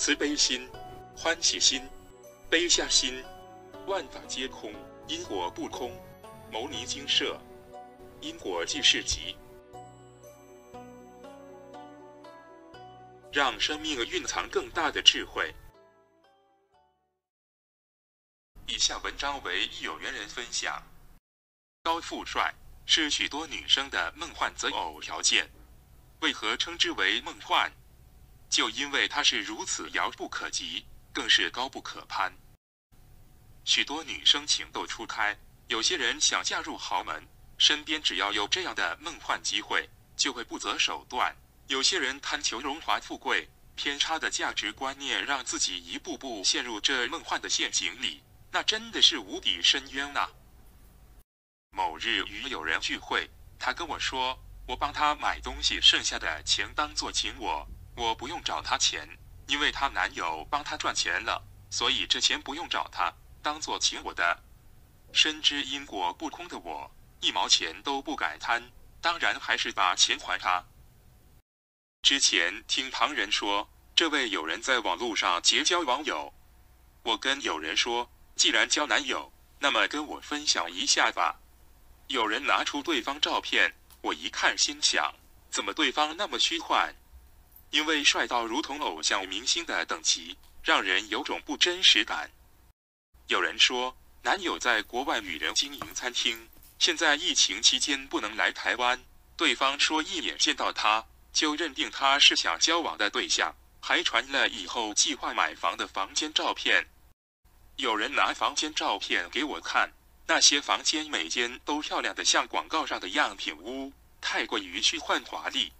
慈悲心、歡喜心、悲下心，萬法皆空，因果不空。牟尼精舍因果濟世集，讓生命蘊藏更大的智慧。以下文章為一有緣人分享：高富帥是許多女生的夢幻擇偶條件，為何稱之為夢幻？就因為他是如此遙不可及，更是高不可攀。許多女生情竇初開，有些人想嫁入豪門，身邊只要有這樣的夢幻機會，就會不擇手段。有些人貪求榮華富貴，偏差的價值觀念讓自己一步步陷入這夢幻的陷阱裡，那真的是無底深淵吶、啊。某日與友人聚會，他跟我說：“我幫他買東西，剩下的錢當做請我。”我不用找他錢，因為她男友幫她賺錢了，所以這錢不用找他，當做請我的。深知因果不空的我，一毛錢都不敢貪，當然還是把錢還他。之前聽旁人說，這位友人在網絡上結交網友，我跟友人說，既然交男友，那麼跟我分享一下吧。友人拿出對方照片，我一看，心想，怎麼對方那麼虛幻？因為帥到如同偶像明星的等級，讓人有種不真實感。有人說，男友在國外與人經營餐廳，現在疫情期間不能來台灣。對方說一眼見到他就認定他是想交往的對象，還傳了以後計劃買房的房間照片。有人拿房間照片給我看，那些房間每間都漂亮的像廣告上的樣品屋，太過於虛幻華麗。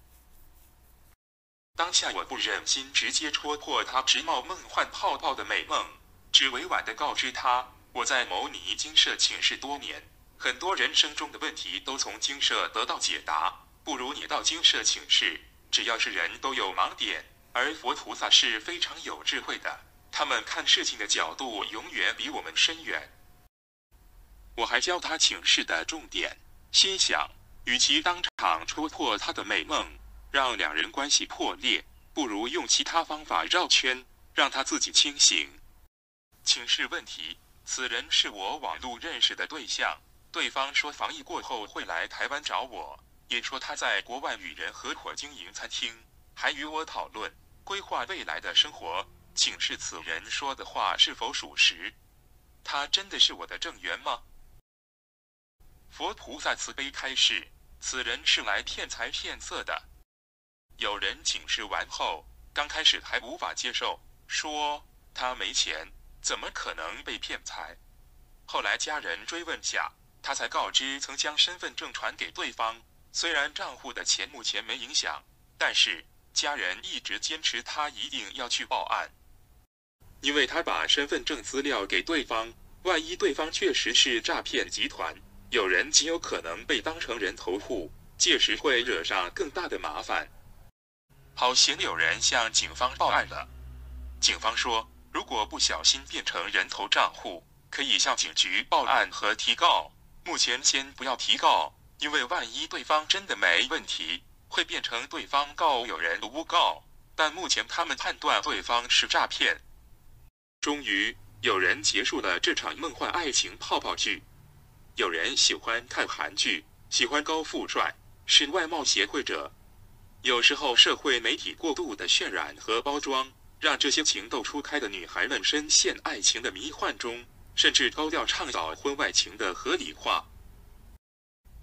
當下我不忍心直接戳破他直冒夢幻泡泡的美夢，只委婉地告知他，我在牟尼精舍請示多年，很多人生中的問題都從精舍得到解答，不如你到精舍請示。只要是人都有盲點，而佛菩薩是非常有智慧的，他們看事情的角度永遠比我們深遠。我還教他請示的重點，心想，與其當場戳破他的美夢。讓兩人關係破裂，不如用其他方法繞圈，讓他自己清醒。請示問題：此人是我網絡認識的對象，對方說防疫過後會來台灣找我，也說他在國外與人合夥經營餐廳，還與我討論規劃未來的生活。請示此人說的話是否屬實？他真的是我的正緣嗎？佛菩薩慈悲開示：此人是來騙財騙色的。有人請示完後，剛開始還無法接受，說他沒錢，怎麼可能被騙財？後來家人追問下，他才告知曾將身份證傳給對方。雖然賬戶的錢目前沒影響，但是家人一直堅持他一定要去報案，因為他把身份證資料給對方，萬一對方確實是詐騙集團，有人極有可能被當成人頭戶，屆時會惹上更大的麻煩。好，心有人向警方報案了。警方說，如果不小心變成人頭賬戶，可以向警局報案和提告。目前先不要提告，因為萬一對方真的沒問題，會變成對方告有人誣告。但目前他們判斷對方是詐騙。終於，有人結束了這場夢幻愛情泡泡劇。有人喜歡看韓劇，喜歡高富帥，是外貌協會者。有時候，社會媒體過度的渲染和包裝，讓這些情竇初開的女孩們深陷愛情的迷幻中，甚至高調倡導婚外情的合理化。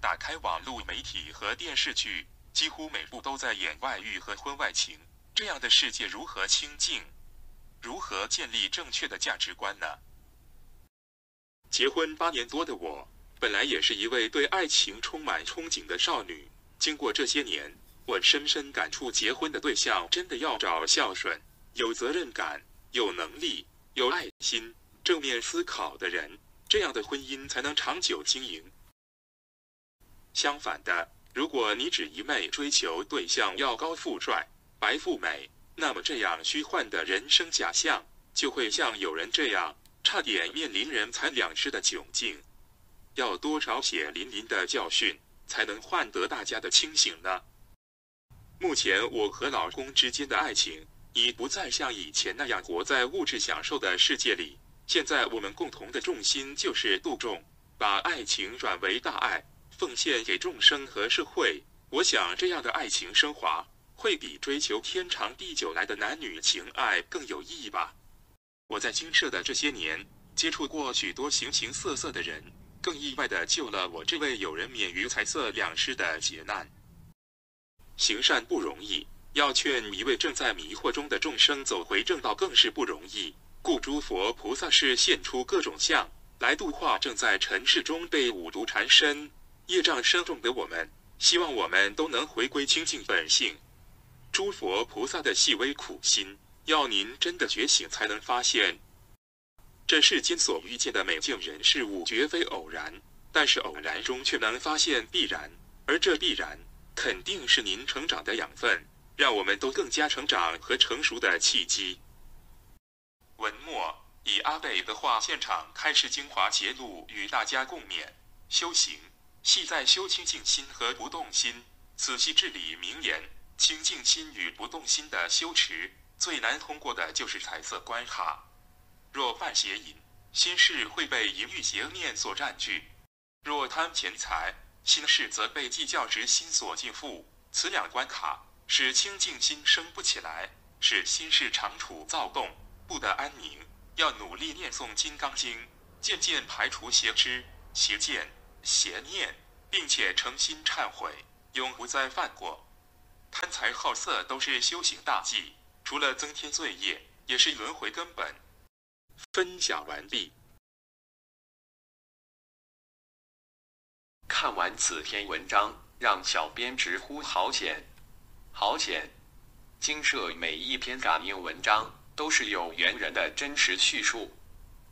打開網絡媒體和電視劇，幾乎每部都在演外遇和婚外情，這樣的世界如何清靜？如何建立正確的價值觀呢？結婚八年多的我，本來也是一位對愛情充滿憧憬的少女，經過這些年，我深深感觸，結婚的對象真的要找孝順、有責任感、有能力、有愛心、正面思考的人，這樣的婚姻才能長久經營。相反的，如果你只一味追求對象要高富帥、白富美，那麼這樣虛幻的人生假象，就會像有人這樣，差點面臨人財兩失的窘境。要多少血淋淋的教訓，才能換得大家的清醒呢？目前我和老公之間的愛情已不再像以前那樣活在物質享受的世界裡。現在我們共同的重心就是度眾，把愛情轉為大愛，奉獻給眾生和社會。我想這樣的愛情升華，會比追求天長地久來的男女情愛更有意義吧。我在精舍的這些年，接觸過許多形形色色的人，更意外地救了我這位友人免於財色兩失的劫難。行善不容易，要勸一位正在迷惑中的眾生走回正道更是不容易。故諸佛菩薩是現出各種相來度化正在塵世中被五毒纏身、業障深重的我們。希望我們都能回歸清淨本性。諸佛菩薩的細微苦心，要您真的覺醒才能發現。這世間所遇見的美境人事物絕非偶然，但是偶然中卻能發現必然，而這必然。肯定是您成長的養分，讓我們都更加成長和成熟的契機。文末以阿伯的話，現場開示精華節錄，與大家共勉：修行係在修清淨心和不動心，此係至理名言。清淨心與不動心的修持最難通過的就是財色關卡。若犯邪淫，心事會被淫慾邪念所占據；若貪錢財，心事則被計較之心所禁縛，此兩關卡使清淨心生不起來，使心事常處躁動，不得安寧。要努力念誦《金剛經》，漸漸排除邪知、邪見、邪念，並且誠心懺悔，永不再犯過。貪財好色都是修行大忌，除了增添罪業，也是輪回根本。分享完畢。看完此篇文章，讓小編直呼好險，好險！精舍每一篇感應文章都是有緣人的真實敘述，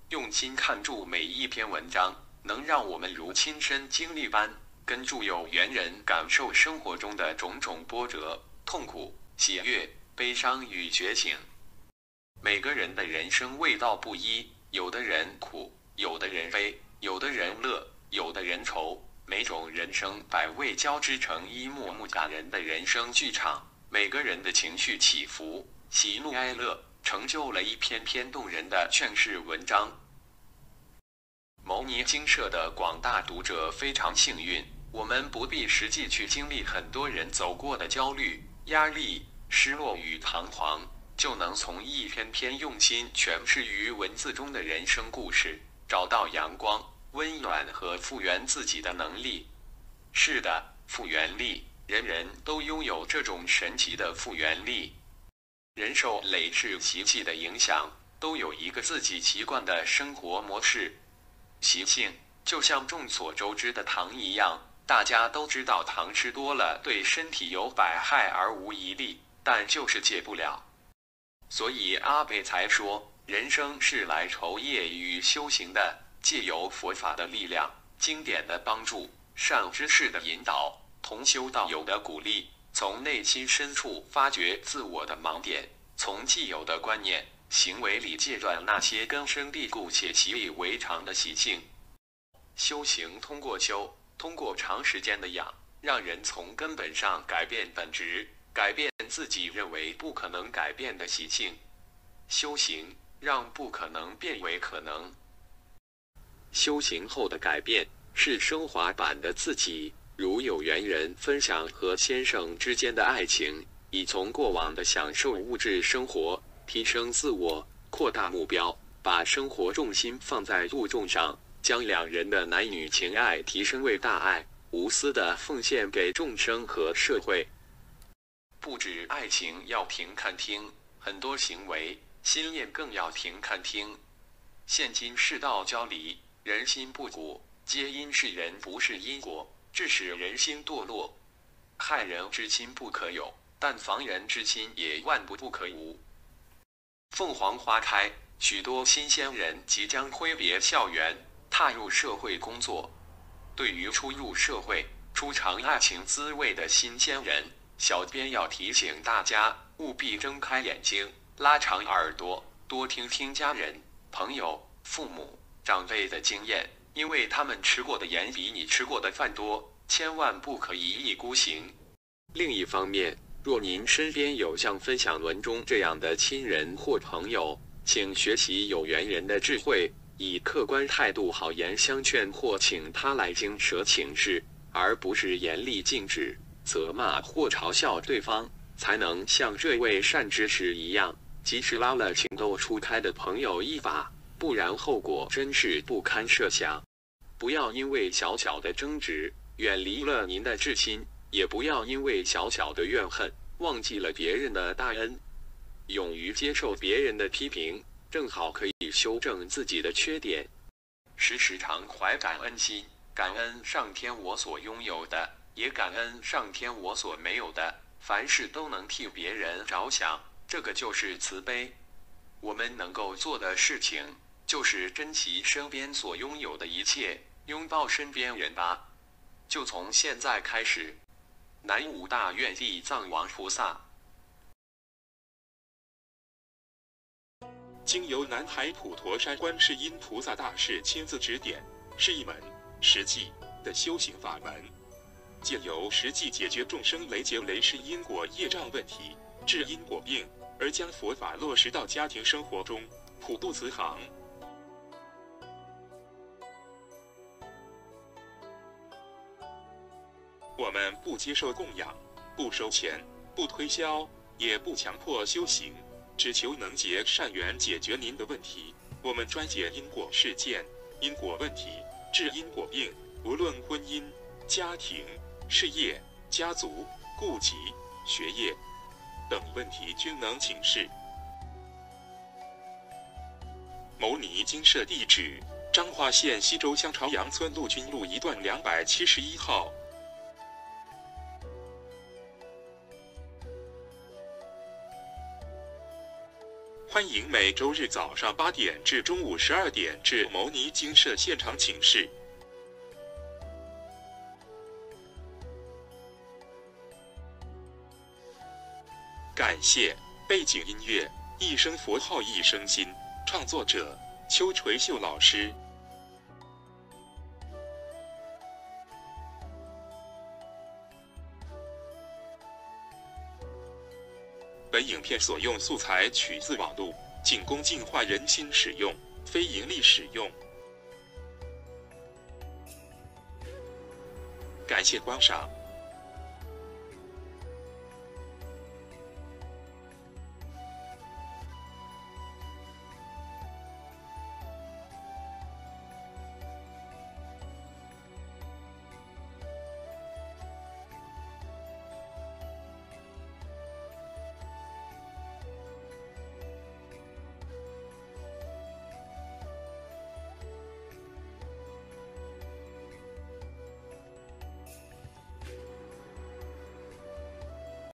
用心看住每一篇文章，能讓我們如親身經歷般，跟住有緣人感受生活中的種種波折、痛苦、喜悅、悲傷與覺醒。每個人的人生味道不一，有的人苦，有的人悲，有的人樂，有的人愁。每種人生百味交織成一幕幕感人的人生劇場，每個人的情緒起伏、喜怒哀樂，成就了一篇篇動人的勸世文章。牟尼精舍的廣大讀者非常幸運，我們不必實際去經歷很多人走過的焦慮、壓力、失落與彷徨，就能從一篇篇用心詮釋於文字中的人生故事，找到陽光。溫暖和復原自己的能力，是的，復原力，人人都擁有這種神奇的復原力。人受累世習氣的影響，都有一個自己習慣的生活模式、習性，就像眾所周知的糖一樣，大家都知道糖吃多了對身體有百害而無一利，但就是戒不了。所以阿伯才說，人生是來酬業與修行的。借由佛法的力量、經典的幫助、善知識的引導、同修道友的鼓勵，從內心深處發掘自我的盲點，從既有的觀念、行為裡戒斷那些根深蒂固且習以為常的習性。修行通過修，通過長時間的養，讓人從根本上改變本質，改變自己認為不可能改變的習性。修行讓不可能變為可能。修行後的改變是升華版的自己。如有緣人分享和先生之間的愛情，已從過往的享受物質生活，提升自我，擴大目標，把生活重心放在度眾上，將兩人的男女情愛提升為大愛，無私的奉獻給眾生和社會。不止愛情要停看聽，很多行為、心念更要停看聽。現今世道澆漓。人心不古，皆因世人不識因果，致使人心墮落。害人之心不可有，但防人之心也萬不可無。鳳凰花開，許多新鮮人即將揮別校園，踏入社會工作。對於初入社會、初嘗愛情滋味的新鮮人，小編要提醒大家，務必睜開眼睛，拉長耳朵，多聽聽家人、朋友、父母。長輩的經驗，因為他們吃過的鹽比你吃過的飯多，千萬不可一意孤行。另一方面，若您身邊有像分享文中這樣的親人或朋友，請學習有緣人的智慧，以客觀態度、好言相勸或請他來精舍請示，而不是嚴厲禁止、責罵或嘲笑對方，才能像這位善知識一樣，及時拉了情竇初開的朋友一把。不然後果真是不堪設想。不要因為小小的爭執遠離了您的至親，也不要因為小小的怨恨忘記了別人的大恩。勇於接受別人的批評，正好可以修正自己的缺點。時時常懷感恩心，感恩上天我所擁有的，也感恩上天我所沒有的。凡事都能替別人着想，這個就是慈悲。我們能夠做的事情。就是珍惜身邊所擁有的一切，擁抱身邊人吧，就從現在開始。南無大願地藏王菩薩，經由南海普陀山觀世音菩薩大士親自指點，是一門實際的修行法門，借由實際解決眾生累劫、累世因果、業障問題，治因果病，而將佛法落實到家庭生活中，普渡慈航。我們不接受供養，不收錢，不推銷，也不強迫修行，只求能結善緣，解決您的問題。我們專解因果事件、因果問題，治因果病。無論婚姻、家庭、事業、家族、痼疾、學業等問題，均能請示。牟尼精舍地址：彰化縣溪州鄉潮洋村陸軍路一段兩百七十一號。歡迎每周日早上八點至中午十二點至牟尼精舍現場請示。感謝背景音樂《一聲佛號一聲心》，創作者邱垂秀老師。本影片所用素材取自網絡，僅供淨化人心使用，非盈利使用。感謝觀賞。